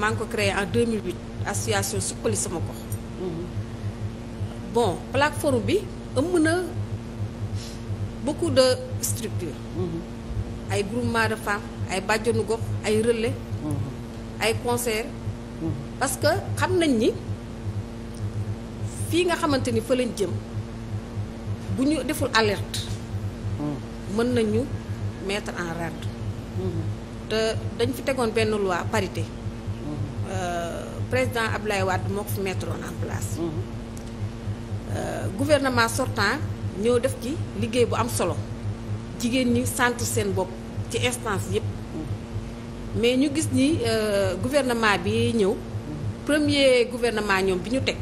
maa ngi ko créé en 2008 association suqali sama gox bon plateforme bi ëmb na beaucoup de structures ay groupement de femmes ay bàjjanu gox ay relais ay concert parce que xam nañ ni fii nga xamante ni fa lañ jëm bu ñu deful alerte mën nañu mettre en rade mm-hmm. te dañ fi tegoon benn loi parité président Abdoulaye Wade moo ko fi mettre en place. Mhm. Euh, gouvernement sortan ñëw def ci liggéey bu am solo jigéen ñi sant seen bopp ci instance yëpp. Mhm. mais ñu gis ni euh, gouvernement bi ñëw premier gouvernement ñoom bi ñu teg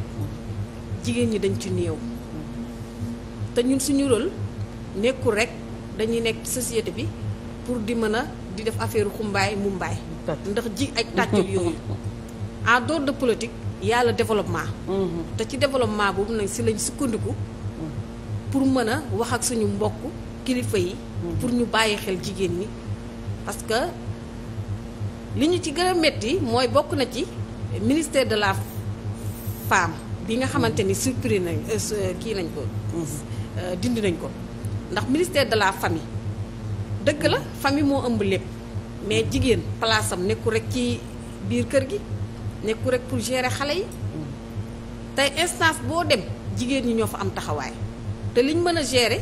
jigéen ñi dañ ci néew. Mhm. te ñu suñu rôle nekkul rek dañuy nekk ci société bi pour di mën a di def affaire xumbaay mumbaay ndax ji ak tàccal yooyu. en dehors de politique yàlla a développement. Mm-hmm. te ci développement boobu nag si lañ sukkandiku. pour mën a wax ak suñu mbokk kilifa yi. Mm-hmm. pour ñu bàyyi xel jigéen ñi parce que li ñu ci gën a métti mooy bokk na ci ministère de la femme bi nga xamante ni supprimer nañ euh, euh, kii nañ ko. Mm-hmm. Euh, dindi nañ ko ndax ministère de la famille dëgg la famille moo ëmb lépp mais jigéen palaasam nekkul rek ci biir kër gi. nekku rek pour gérer xale yi tey instance boo dem jigéen ñi ñoo fa am taxawaay te liñ mën a gérer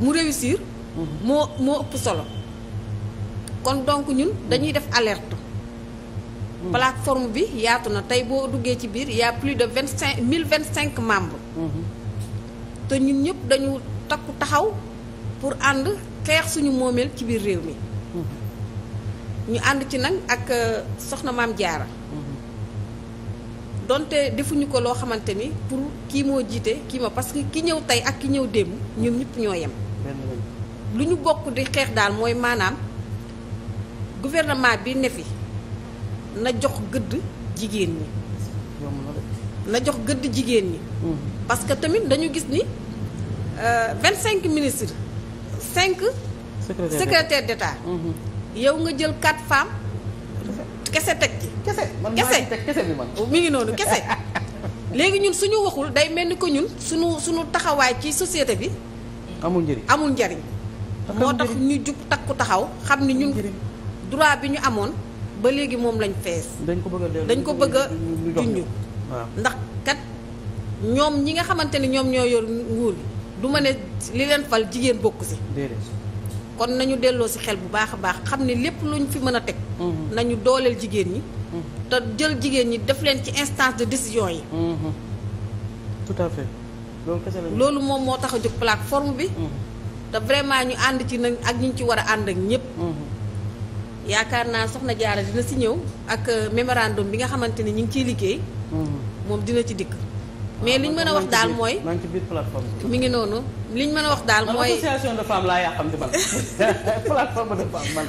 mu réussir moo moo ëpp solo kon donc ñun dañuy def alerte forme bi yaatu na tey boo duggee ci biir y a plus de vingt cinq mille vingt cinq membres te ñun ñëpp dañu takku taxaw pour ànd xeex suñu moomeel ci biir réew mi ñu ànd ci nag ak euh, soxna maam jaara donte defuñu ko loo xamante ni pour kii moo jiite kii ma parce que ki ñëw tey ak ki ñëw démb ñoom ñëpp ñoo yem lu ñu bokk di xeex daal mooy maanaam gouvernement bi ne fi na jox gëdd jigéen ñi na jox gëdd jigéen ñi hmm. parce que tamit dañu gis ni euh, vingt cinq ministre cinq secrétaire d'état yow nga jël quatre femmes. kese teg ci. kese man kese bi man. Oh, mi ngi noonu kese léegi ñun suñu waxul day mel ni ko ñun suñu suñu taxawaay ci société bi. amul njëriñ amul njëriñ. moo tax ñu jub takku taxaw xam ni ñun droit bi ñu amoon ba léegi moom lañ fees. dañ ko bëgg a dañ ko bëgg a ndax kat ñoom ñi nga xamante ni ñoom ñoo yor nguur gi du ma ne li leen fal jigéen bokk si. kon nañu delloo ci xel bu baax a baax xam ne lépp luñ fi mën a teg. Mm-hmm. nañu dooleel jigéen ñi. Mm-hmm. te jël jigéen ñi def leen ci instance de décision yi. Mm-hmm. tout à loolu moom moo tax a jóg forme bi. te vraiment ñu ànd ci nag ak ñi ñu ci war a ànd ak ñëpp. yaakaar naa soxna Diarra dina ci ñëw ak euh, mémorandum bi nga xamante ni ñu ngi ciy liggéey. moom dina ci dikk. mais li ñu mën a wax daal mooy. maa ngi ci biir plateforme bi. mi mën a wax daal mooy. association de femmes laa yàqamti man plateforme de femmes man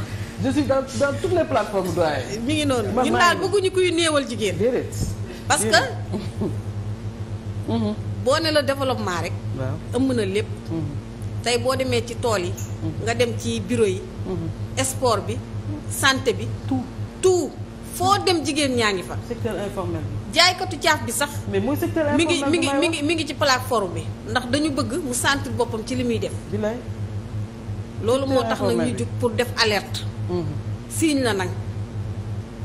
mi ngi noonu ñun daal bëgguñu kuy néewal jigéen. déedéet parce que. Mhm. boo ne la développement rek. waaw ëmb na lépp. Mhm. tey boo demee ci tool yi. Mhm. nga dem ci bureau yi. sport bi santé bi foo dem jigéen ñaa ngi fa. secteur informel jaaykatu caaf bi sax. mais mooy secteur mi ngi mi ngi mi ngi mi ngi ci plateforme bi ndax dañu bëgg mu sentir boppam ci li muy def. loolu moo tax nag ñu jug pour def alerte. Mhm. siiñ la nag.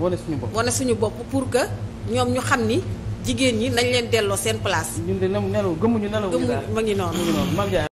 wane suñu bopp wane suñu bopp pour que ñoom ñu xam ni jigéen ñi nañ leen delloo seen place. ñun de nelaw ñu nelaw. gëmuñu ma ngi noonu.